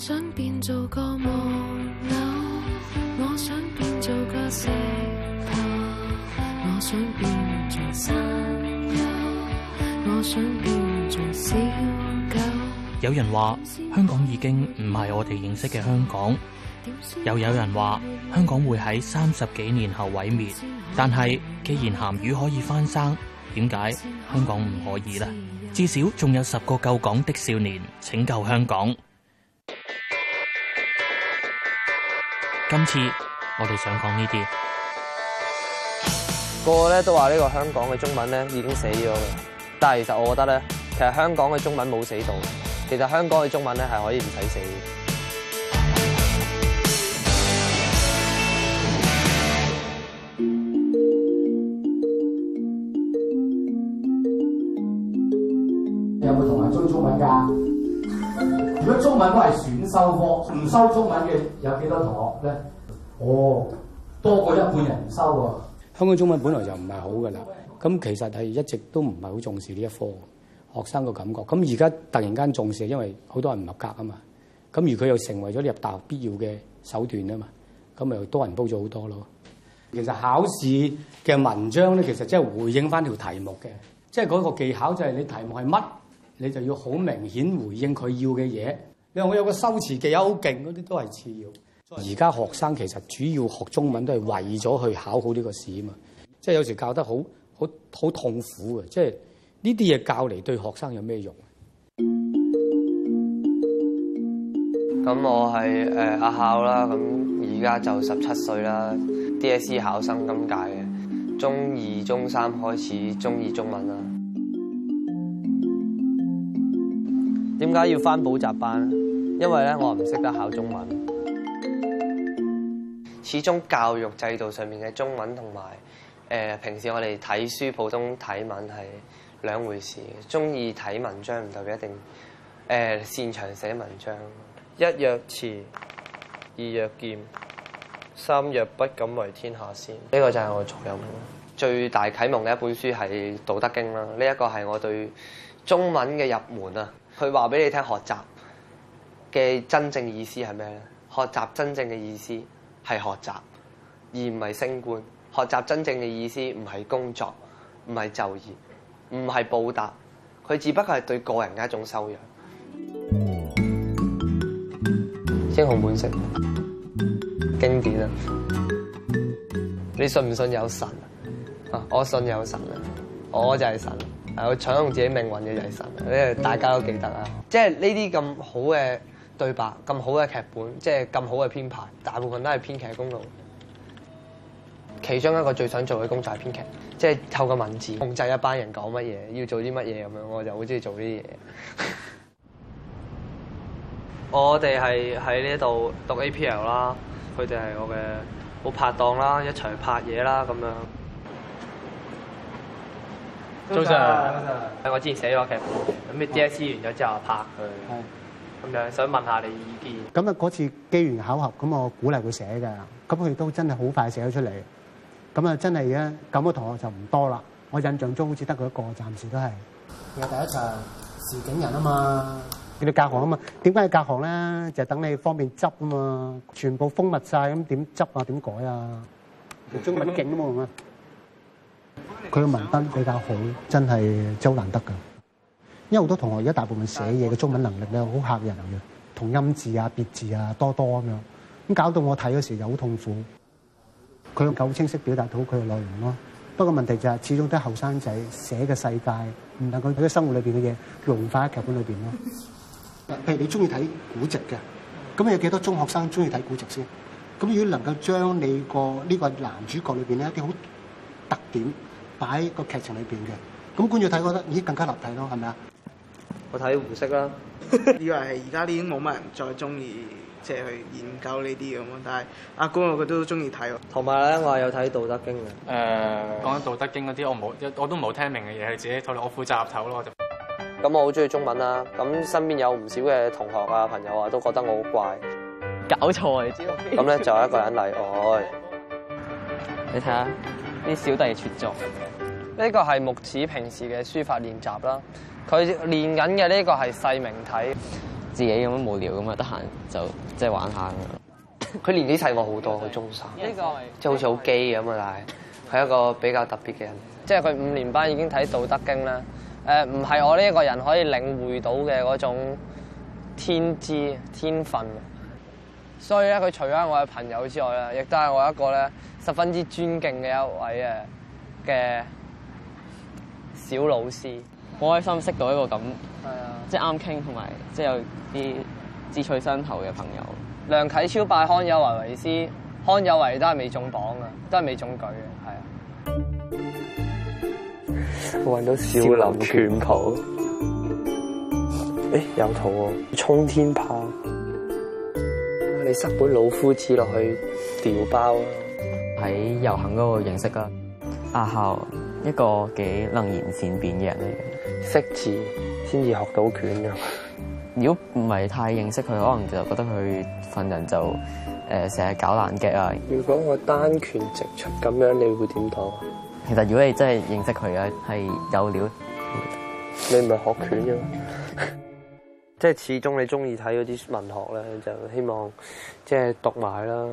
我想變做個木偶，我想變做個石頭，我想變做山丘，我想變做小狗。有人話香港已經唔係我哋認識嘅香港，又有人話香港會喺三十幾年後毀滅。但係既然鹹魚可以翻生，點解香港唔可以呢？至少仲有十個救港的少年拯救香港。今次我哋想講呢啲，個個咧都話呢個香港嘅中文咧已經死咗嘅，但係其實我覺得咧，其實香港嘅中文冇死到，其實香港嘅中文咧係可以唔使死嘅。 有冇同埋中中文噶？如 果中文都係？收科唔收中文嘅有幾多同學咧？哦，多過一半人唔收啊。香港中文本來就唔係好㗎啦。咁其實係一直都唔係好重視呢一科學生嘅感覺。咁而家突然間重視，因為好多人唔合格啊嘛。咁而佢又成為咗你入大學必要嘅手段啊嘛。咁咪多人煲咗好多咯。其實考試嘅文章咧，其實即係回應翻條題目嘅，即係嗰個技巧就係你題目係乜，你就要好明顯回應佢要嘅嘢。你話我有個修辭技巧好勁，嗰啲都係次要。而家學生其實主要學中文都係為咗去考好呢個試啊嘛，即係有時教得好，好好痛苦啊，即係呢啲嘢教嚟對學生有咩用？咁我係誒阿孝啦，咁而家就十七歲啦，DSE 考生咁解嘅，中二、中三開始鍾意中文啦。點解要翻補習班？因為咧，我唔識得考中文。始終教育制度上面嘅中文同埋誒，平時我哋睇書、普通睇文係兩回事。中意睇文章唔代表一定誒、呃、擅長寫文章。一曰慈，二曰儉，三曰不敢為天下先。呢個就係我重有用最大啟蒙嘅一本書係《道德經》啦。呢一個係我對中文嘅入門啊。佢話俾你聽學習嘅真正意思係咩咧？學習真正嘅意思係學習，而唔係升官。學習真正嘅意思唔係工作，唔係就業，唔係報答。佢只不過係對個人嘅一種修養。英雄本色，經典啊！你信唔信有神啊？我信有神啊！我就係神。係去掌控自己命運嘅就係神，呢大家都記得啊！即係呢啲咁好嘅對白，咁好嘅劇本，即係咁好嘅編排，大部分都係編劇功勞。其中一個最想做嘅工作係編劇，即係透過文字控制一班人講乜嘢，要做啲乜嘢咁樣，我就好中意做呢啲嘢。我哋係喺呢度讀 A P L 啦，佢哋係我嘅好拍檔啦，一齊拍嘢啦咁樣。早上，我之前寫咗個劇本，咁你 DSE 完咗之後拍佢，咁樣想問下你意見。咁啊嗰次機緣巧合，咁我鼓勵佢寫㗎，咁佢都真係好快寫咗出嚟。咁啊真係而家咁嘅同學就唔多啦。我印象中好似得佢一個，暫時都係。又第一場，時景人啊嘛，叫你隔行啊嘛。點解要隔行咧？就等你方便執啊嘛。全部封密曬咁，點執啊？點改啊？仲中密境都冇用啊！佢嘅文筆比較好，真係真好難得㗎。因為好多同學而家大部分寫嘢嘅中文能力咧好嚇人嘅，同音字啊、別字啊多多咁樣，咁搞到我睇嗰時又好痛苦。佢又夠清晰表達到佢嘅內容咯。不過問題就係，始終都係後生仔寫嘅世界，唔能夠佢生活裏邊嘅嘢融化喺劇本裏邊咯。譬如你中意睇古籍嘅，咁有幾多中學生中意睇古籍先？咁如果能夠將你個呢個男主角裏邊咧一啲好特點。擺個劇情裏邊嘅，咁觀眾睇覺得咦更加立體咯，係咪啊？我睇胡適啦， 以為係而家已經冇乜人再中意即係去研究呢啲咁咯，但係阿官我佢都中意睇，同埋咧我有睇道德經嘅。誒、呃，講緊道德經嗰啲我冇，我都冇聽明嘅嘢，自己討論我負責入頭咯就。咁我好中意中文啦，啊，咁身邊有唔少嘅同學啊、朋友啊都覺得我好怪，搞錯。咁咧就有一個人例外， 你睇下，啊。啲小弟出作，呢、這個係木子平時嘅書法練習啦。佢練緊嘅呢個係細明體，自己咁無聊咁啊，得閒就即係玩一下。佢年紀細我好多，佢中三，呢即係好似好 gay 咁啊，但係係一個比較特別嘅人。即係佢五年班已經睇《道德經》啦、呃。誒，唔係我呢一個人可以領會到嘅嗰種天資、天分。所以咧，佢除咗我嘅朋友之外咧，亦都係我一個咧十分之尊敬嘅一位嘅嘅小老師。好開心識到一個咁即係啱傾同埋即係有啲志趣相投嘅朋友。梁啓超拜康有為為師，康有為都係未中榜嘅，都係未中舉嘅，係啊。我揾到少林拳譜，誒、欸，有圖啊，衝天炮。你塞本老夫子落去掉包啊！喺遊行嗰度認識噶阿孝，一個幾能言善辯嘅人嚟嘅。識字先至學到拳嘅。如果唔係太認識佢，可能就覺得佢份人就誒成日搞爛 gag 啊。如果我單拳直出咁樣，你會點講？其實如果你真係認識佢啊，係有料。你唔係學拳嘅。嗯即係始終你中意睇嗰啲文學咧，就希望即係、就是、讀埋啦。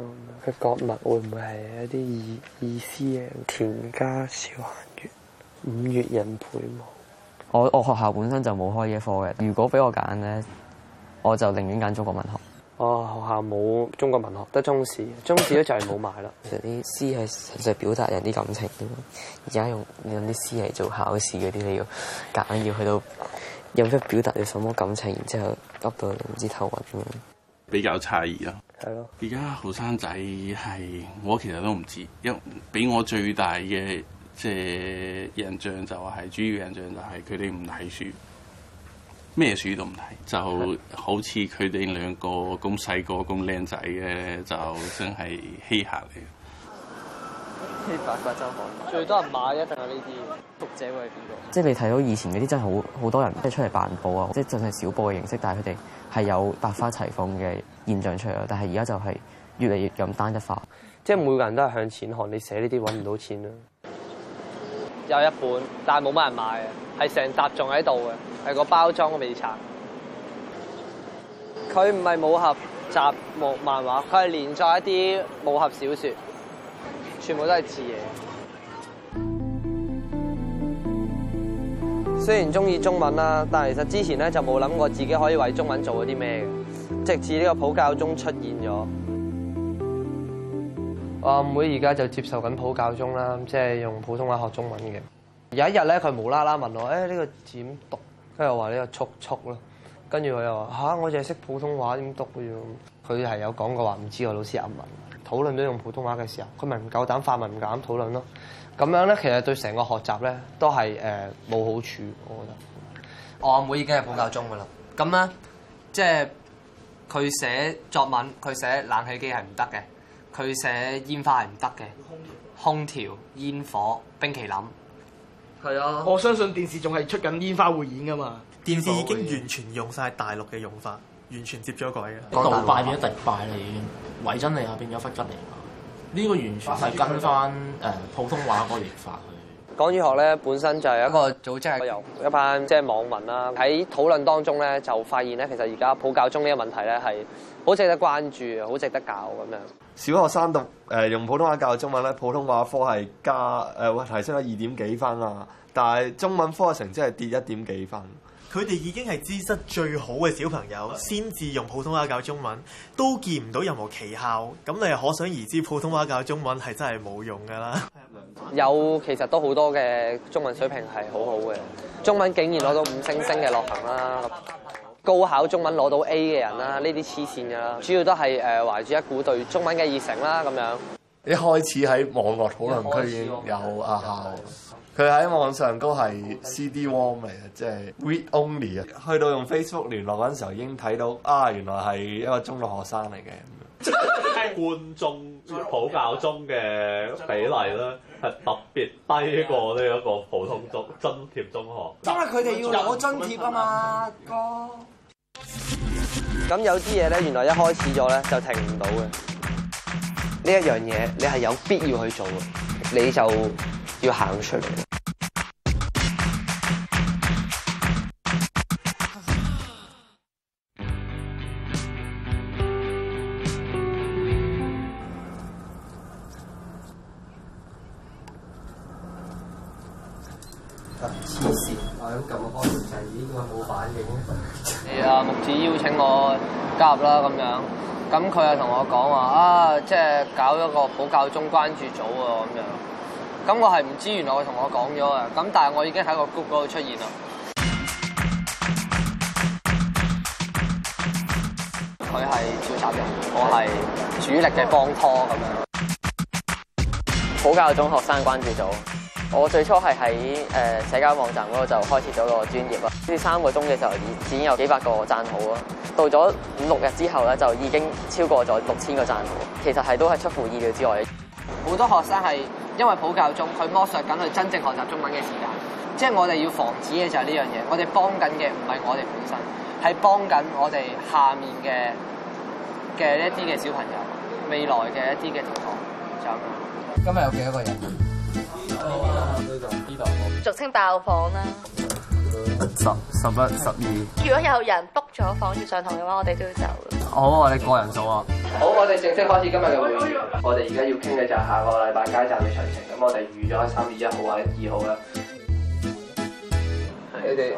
佢國文會唔會係一啲意意思嘅？田家少閒月，五月人倍忙。我我學校本身就冇開呢科嘅。如果俾我揀咧，我就寧願揀中國文學。我、哦、學校冇中國文學，得中史，中史都就係冇埋啦。 其實啲詩係純粹表達人啲感情嘅。而家用用啲詩嚟做考試嗰啲，你要夾硬要去到。有咩表達咗什麼感情，然之後得到唔知頭暈咁。比較詫異咯，係咯。而家後生仔係，我其實都唔知，因俾我最大嘅即係印象就係、是就是，主要印象就係佢哋唔睇書，咩書都唔睇，就好似佢哋兩個咁細個咁靚仔嘅，就真係稀客嚟。八周刊最多人買一定係呢啲。讀者會係邊個？即係你睇到以前嗰啲真係好好多人即係出嚟辦報啊，即係淨係小報嘅形式，但係佢哋係有百花齊放嘅現象出嚟咯。但係而家就係越嚟越咁單一化，即係每個人都係向錢看，你寫呢啲揾唔到錢咯。有一本，但係冇乜人買啊，係成疊仲喺度嘅，係個包裝都未拆。佢唔係武俠集、木漫畫，佢係連載一啲武俠小説。全部都係字嘢。雖然中意中文啦，但係其實之前咧就冇諗過自己可以為中文做咗啲咩嘅，直至呢個普教中出現咗。我阿妹而家就接受緊普教中啦，即係用普通話學中文嘅。有一日咧，佢無啦啦問我：誒，呢個字點讀？跟住我話呢個速速咯。跟住佢又話：吓、啊，我淨係識普通話點讀嘅啫。佢係有講過話唔知我老師阿文。」討論都用普通話嘅時候，佢咪唔夠膽發文討論，唔夠膽討論咯。咁樣咧，其實對成個學習咧都係誒冇好處的。我覺得我阿妹，妹已經係普教中噶啦。咁咧，即係佢寫作文，佢寫冷氣機係唔得嘅，佢寫煙花係唔得嘅。空調、煙火、冰淇淋。係啊！我相信電視仲係出緊煙花匯演噶嘛。電視已經完全用晒大陸嘅用法。完全接咗軌啊！杜拜變咗迪拜嚟，維珍嚟下變咗弗吉嚟啊！呢、這個完全係跟翻誒普通話嗰個譯法去。港語學咧本身就係一個組織，有一班即係網民啦，喺討論當中咧就發現咧，其實而家普教中呢個問題咧係好值得關注，好值得教咁樣。小學生讀誒、呃、用普通話教中文咧，普通話科係加誒、呃、會提升咗二點幾分啊，但係中文科嘅成績係跌一點幾分。佢哋已經係資質最好嘅小朋友，先至用普通話教中文，都見唔到任何奇效。咁你可想而知，普通話教中文係真係冇用㗎啦。有其實都好多嘅中文水平係好好嘅，中文竟然攞到五星星嘅落行啦，高考中文攞到 A 嘅人啦，呢啲黐線㗎啦。主要都係誒、呃、懷住一股對中文嘅熱誠啦，咁樣。一開始喺網絡討論區有阿孝。佢喺網上都係 CD warm 嚟嘅，即係 read only 啊！去到用 Facebook 聯絡嗰陣時候，已經睇到啊，原來係一個中六學，學生嚟嘅。 觀眾普教中嘅比例咧係特別低過呢一個普通中津貼 中學，因為佢哋要攞津貼啊嘛。 哥，咁有啲嘢咧，原來一開始咗咧就停唔到嘅。呢一樣嘢你係有必要去做嘅，你就要行出嚟。黐線，我咁嘅方面就應該冇反應。你、哎、啊，木子邀請我加入啦咁樣。咁佢又同我講話啊，即係搞咗個普教中關注組喎咁樣。咁我係唔知，原來佢同我講咗嘅。咁但係我已經喺個 group 嗰度出現啦。佢係召集人，我係主力嘅幫拖咁、嗯、樣。普教中學生關注組。我最初係喺誒社交網站嗰度就開設咗個專業啦，呢三個鐘嘅時候就已經有幾百個讚好咯。到咗五六日之後咧，就已經超過咗六千個讚好啦。其實係都係出乎意料之外。好多學生係因為普教中，佢剝削緊去真正學習中文嘅時間。即係我哋要防止嘅就係呢樣嘢，我哋幫緊嘅唔係我哋本身，係幫緊我哋下面嘅嘅一啲嘅小朋友，未來嘅一啲嘅同學。就咁。今日有幾多個人？俗稱爆房啦，十、十一、十二。如果有人 book 咗房要上堂嘅話，我哋都要走。好，我哋個人數啊。好，我哋正式開始今日嘅會議。喂，喂，我哋而家要傾嘅就係下個禮拜街站嘅詳情。咁我哋預咗喺三月一號或者二號咧。你哋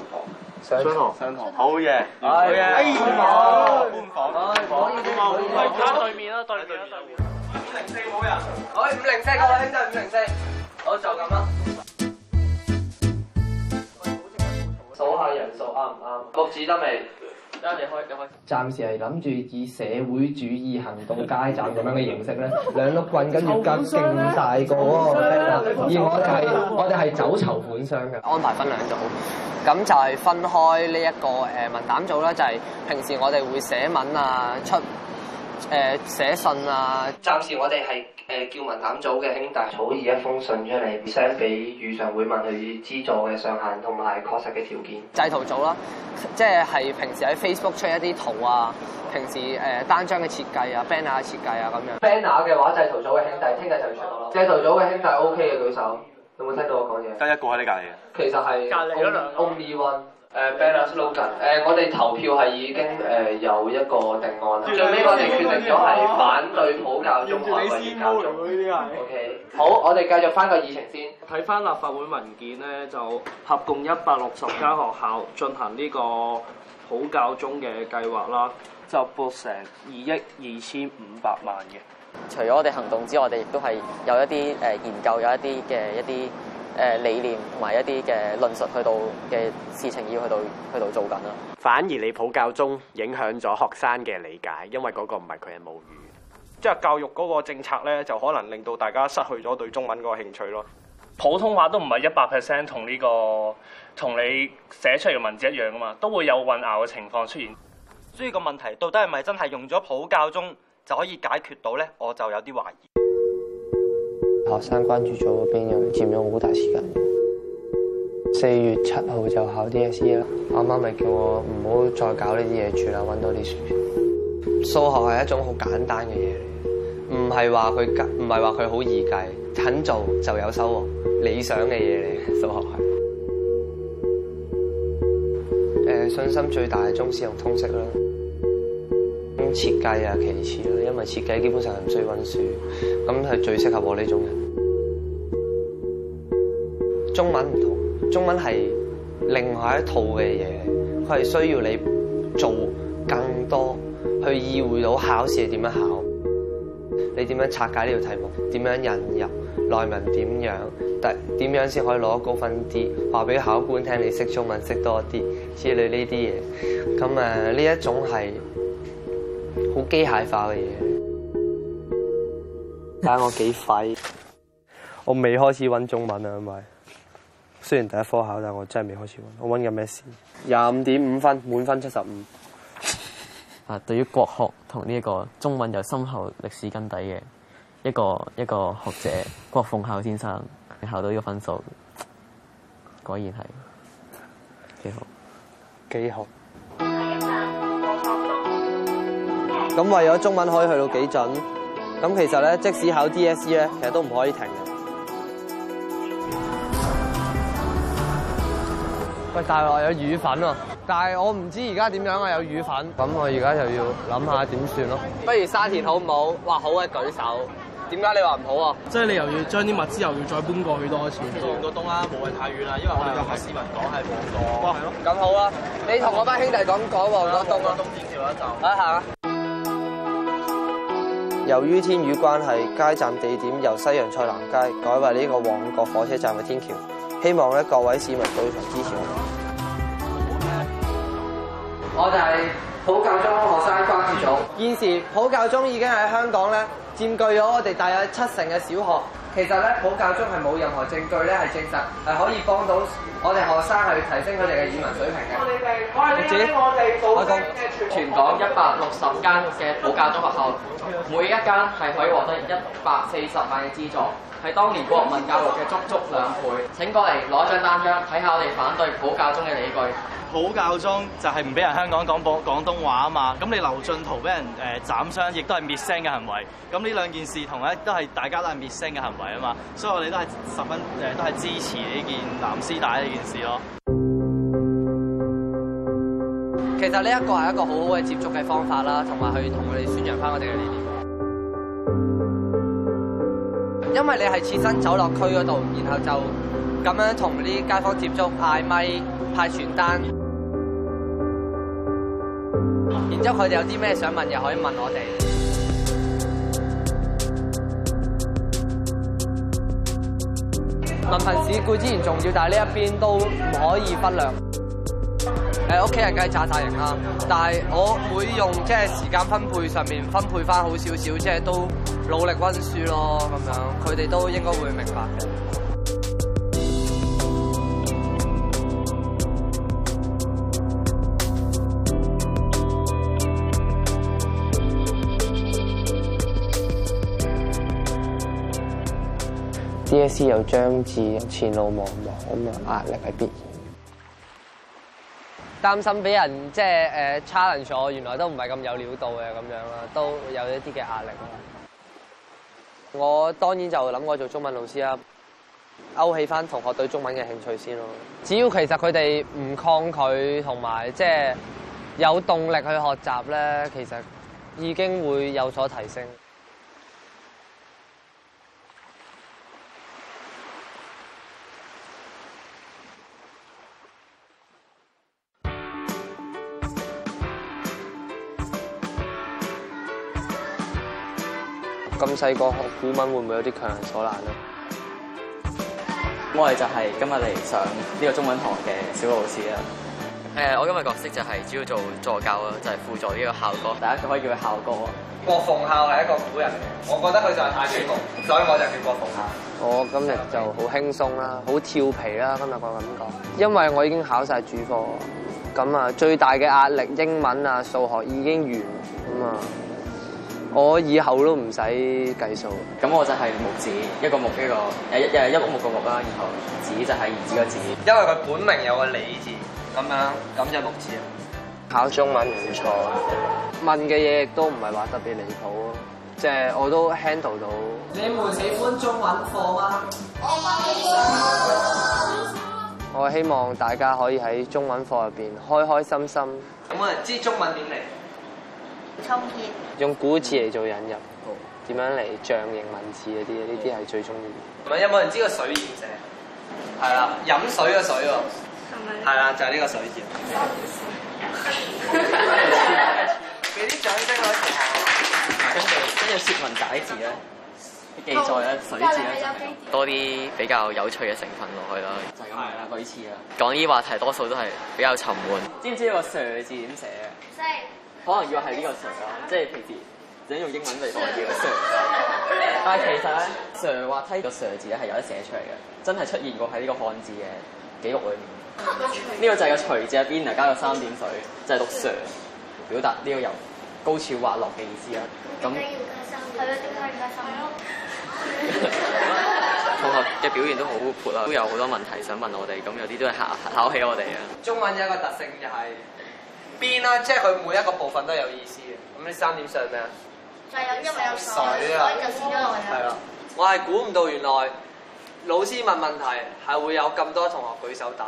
上堂，上堂，好嘢，好嘢。搬房，搬房，搬房，搬房。對面啦，對面。對對。五零四冇人，哎，五零四，各位兄弟，五零四。哎我就咁啦，數下人數啱唔啱？六字得未？得你開，你開。暫時係諗住以社會主義行動街站咁樣嘅形式咧，兩 碌棍跟住夾更大個，更大個。而我哋計、啊，我哋係走籌款商嘅。安排分兩組，咁就係分開呢一個誒文膽組啦，就係、是、平時我哋會寫文啊，出誒寫、呃、信啊。暫時我哋係。.誒、呃，叫文膽組嘅兄弟草擬一封信出嚟，send 俾遇上會問佢資助嘅上限同埋確實嘅條件。製圖組啦，即係平時喺 Facebook 出一啲圖啊，平時誒單張嘅設計啊，banner 嘅設計啊咁樣。banner 嘅話製圖圖組嘅兄弟，聽日就出囉。咯。製圖組嘅兄弟，兄弟 OK 嘅舉手，有冇聽到我講嘢？得一個喺你隔籬。其實係隔籬嗰 Only one。誒、呃、banner slogan，誒、呃、我哋投票係已經誒、呃、有一個定案啦。最尾我哋決定咗係反對普教中，可以教中。OK，好，我哋繼續翻個議程先。睇翻立法會文件咧，就合共一百六十間學校進行呢個普教中嘅計劃啦，就撥成二億二千五百萬嘅。除咗我哋行動之外，我哋亦都係有一啲誒、呃、研究，有一啲嘅一啲。誒理念同埋一啲嘅論述去到嘅事情要去到去到做緊啦。反而你普教中影響咗學生嘅理解，因為嗰個唔係佢嘅母語，即係教育嗰個政策咧，就可能令到大家失去咗對中文個興趣咯。普通話都唔係一百 percent 同呢個同你寫出嚟嘅文字一樣啊嘛，都會有混淆嘅情況出現，所以個問題到底係咪真係用咗普教中就可以解決到咧？我就有啲懷疑。學生關注組嗰邊又佔咗好大時間。四月七號就考 DSE 啦，阿媽咪叫我唔好再搞呢啲嘢住啦，溫多啲書，書。數學係一種好簡單嘅嘢嚟，唔係話佢唔係話佢好易計，肯做就有收穫，理想嘅嘢嚟。數學係誒信心最大係中史同通識啦，咁設計啊其次啦，因為設計基本上係唔需要溫書，咁係最適合我呢種人。中文唔同，中文係另外一套嘅嘢，佢係需要你做更多，去意會到考試係點樣考，你點樣拆解呢條題目，點樣引入內文點樣，但點樣先可以攞高分啲，話俾考官聽你識中文識多啲之類呢啲嘢，咁啊呢一種係好機械化嘅嘢。但我幾廢，我未開始温中文啊，因為。雖然第一科考，但係我真係未開始揾。我揾緊咩事？廿五點五分，滿分七十五。啊，對於國學同呢一個中文有深厚歷史根底嘅一個一個學者，郭鳳孝先生，你考到呢個分數，果然係幾好，幾好。咁為咗中文可以去到幾準？咁其實咧，即使考 DSE 咧，其實都唔可以停。喂、啊，但係我有雨粉喎，但係我唔知而家點樣啊，有雨粉。咁我而家又要諗下點算咯。不如沙田好唔好？話、嗯、好嘅，舉手。點解你話唔好啊？即係你又要將啲物資又要再搬過去多一次。換、那個東啊，冇係太遠啦，因為我哋同市民講係旺角。咁、哦、好啊！你同我班兄弟咁講旺角東啊，東天橋一集啊嚇。由於天雨關係，街站地點由西洋菜南街改為呢個旺角火車站嘅天橋。希望各位市民到場支持我哋。我哋係普教中學生關注組，現時、嗯、是普教中已經喺香港佔佔據咗我哋大約七成嘅小學。其實咧，普教中係冇任何證據咧，係證實係可以幫到我哋學生去提升佢哋嘅語文水平的。我哋我哋我哋，okay. 全港一百六十間嘅普教中學校，每一間係可以獲得一百四十萬嘅資助，係當年國民教育嘅足足兩倍。請過嚟攞張單張，睇下我哋反對普教中嘅理據。普教中就係唔俾人香港講廣廣東話啊嘛，咁你劉進圖俾人誒斬傷，亦都係滅聲嘅行為。咁呢兩件事同咧都係大家都係滅聲嘅行為啊嘛，所以我哋都係十分誒都係支持呢件藍絲帶呢件事咯。其實呢一個係一個好好嘅接觸嘅方法啦，同埋去同我哋宣揚翻我哋嘅理念。因為你係切身走落區嗰度，然後就咁樣同啲街坊接觸嗌咪。派傳單，然之後佢哋有啲咩想問又可以問我哋，嗯。文憑試固之然重要，但係呢一邊都唔可以忽略。誒、呃，屋企人梗係炸晒型啦，但係我會用即係時間分配上面分配翻好少少，即係都努力溫書咯咁樣。佢哋都應該會明白嘅。試又將至，前路茫茫咁樣，壓力係必然。擔心俾人即係誒 challenge 咗，原來都唔係咁有料到嘅咁樣啦，都有一啲嘅壓力。我當然就諗過做中文老師啦，勾起翻同學對中文嘅興趣先咯。只要其實佢哋唔抗拒同埋即係有動力去學習咧，其實已經會有所提升。咁細個學古文會唔會有啲強人所難啊？我哋就係今日嚟上呢個中文堂嘅小老師啊。誒，我今日角色就係主要做助教咯，就係輔助呢個校歌，大家可以叫佢校歌。郭鳳孝係一個古人，我覺得佢就係太醒目，所以我就叫郭鳳孝。我今日就好輕鬆啦，好跳皮啦，今日個感覺。因為我已經考晒主課，咁啊，最大嘅壓力英文啊、數學已經完咁啊。我以後都唔使計數，咁我就係木子，一個木一個，誒誒一木木個木啦，然後子就係兒子個子，因為佢本名有個李字，咁樣咁就係木子啊。考中文唔錯，問嘅嘢亦都唔係話特別離譜。即係我都 handle 到。你們喜歡中文課啊？我、oh、我希望大家可以喺中文課入邊開開心心。咁我哋知中文點嚟？充熱用古字嚟做引入，點、嗯、樣嚟象形文字嗰啲，呢啲係最鍾意。唔係，有冇人知個水字寫？係 啦，飲水嘅水喎。係咪？係啦，就係、是、呢個水字。俾啲掌聲咯，跟住跟住説文解字咧， 記載咧、哦、水字咧、就是、多啲比較有趣嘅成分落去啦。就係咁啦，類似啦。講呢個話題多數都係比較沉悶。知唔知個蛇字點寫啊？識。可能以為係呢個 Sir 咯，即係平時想用英文嚟同我叫 Sir， 但係其實咧，Sir 滑梯個 Sir 字咧係有得寫出嚟嘅，真係出現過喺呢個漢字嘅記錄裏面。呢 個就係個垂字入邊加個三點水就係、是、讀 Sir，表達呢個由高處滑落嘅意思啦。咁係咯？ 同學嘅表現都好活潑啊，都有好多問題想問我哋，咁有啲都係考考起我哋啊。中文有一個特性就係、是。邊啦、啊？即係佢每一個部分都有意思嘅。咁呢三點上咩啊？就係有因為有水啊，所以就先落嚟啊。係啦，我係估唔到原來老師問問題係會有咁多同學舉手答。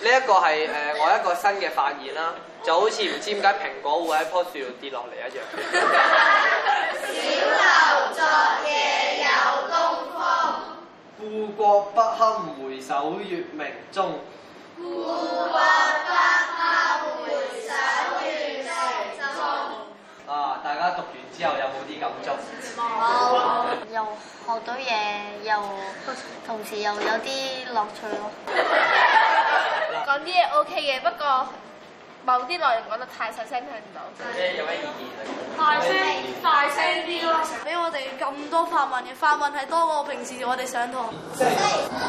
呢一個係誒我一個新嘅發現啦。就好似唔知點解蘋果會喺棵樹度跌落嚟一樣。 小樓昨夜又東風，故國不堪回首月明中。孤帆不怕回首月明中啊。啊，大家讀完之後有冇啲感觸？有、嗯嗯，又學到嘢，又同時又有啲樂趣咯。講啲嘢 OK 嘅，不過某啲內容講得太細聲，聽唔到。有咩意見？大聲，大聲啲咯！俾我哋咁多發問嘅，發問係多過平時我哋上堂，啊啊啊。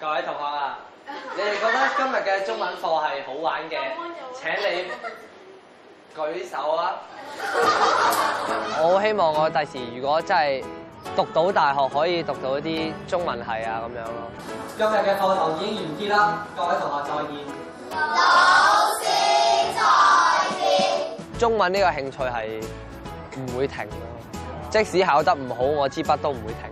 各位同學啊！你哋覺得今日嘅中文課係好玩嘅？請你舉手啊！我希望我第時如果真係讀到大學可以讀到一啲中文系啊咁樣咯。今日嘅課堂已經完結啦，各位同學再見，老師再見，中文呢個興趣係唔會停咯，即使考得唔好，我支筆都唔會停。